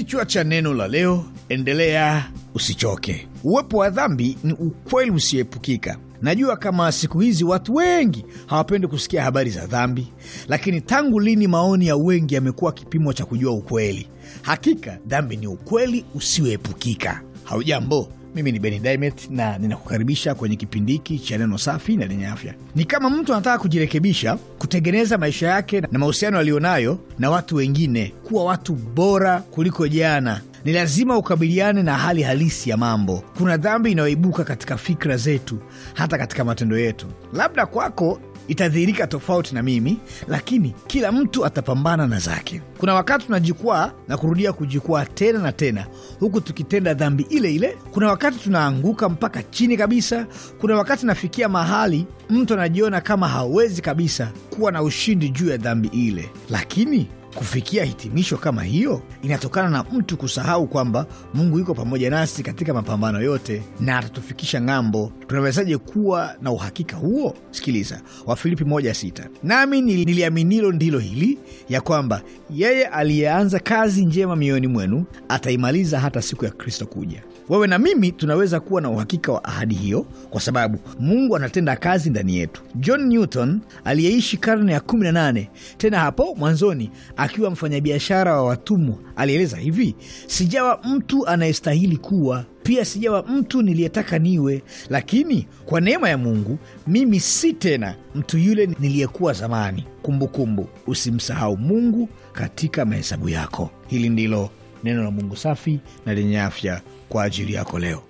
Kichwa cha neno la leo: endelea, usichoke. Uwepo wa dhambi ni ukweli usioepukika. Najua kama siku hizi watu wengi hawapendi kusikia habari za dhambi, lakini tangu lini maoni ya wengi yamekuwa kipimo cha kujua ukweli? Hakika dhambi ni ukweli usioepukika. Haujambo, mimi ni Beni Dimet na ninakukaribisha kwenye kipindi hiki cha neno safi na lenye afya. Ni kama mtu anataka kujirekebisha, kutengeneza maisha yake na mahusiano aliyonayo na watu wengine, kuwa watu bora kuliko jana, ni lazima ukabiliane na hali halisi ya mambo. Kuna dhambi inayoibuka katika fikra zetu, hata katika matendo yetu. Labda kwako itadhihirika tofauti na mimi, lakini kila mtu atapambana na zake. Kuna wakati tunajikwaa na kurudia kujikwaa tena na tena, huku tukitenda dhambi ile ile. Kuna wakati tunaanguka mpaka chini kabisa. Kuna wakati nafikia mahali mtu anajiona kama hawezi kabisa kuwa na ushindi juu ya dhambi ile, lakini Kufikia hitimisho kama hiyo inatokana na mtu kusahau kwamba Mungu yuko pamoja nasi katika mapambano yote na atatufikisha ng'ambo. Tunawezaje kuwa na uhakika huo? Sikiliza Wafilipi 1:6, nami niliaminilo ndilo hili, ya kwamba yeye aliyeanza kazi njema mioyoni mwenu ataimaliza hata siku ya Kristo kuja. Wewe na mimi tunaweza kuwa na uhakika wa ahadi hiyo kwa sababu Mungu anatenda kazi ndani yetu. John Newton aliyeishi karne ya 18 tena hapo mwanzoni akiwa mfanyabiashara wa watumwa alieleza hivi: sijawa mtu anayestahili kuwa pia sijawa mtu niliyetaka niwe, lakini kwa neema ya Mungu mimi si tena mtu yule niliyekuwa zamani. Kumbukumbu, usimsahau Mungu katika mahesabu yako. Hili ndilo neno la Mungu safi na lenye afya kwa ajili yako leo.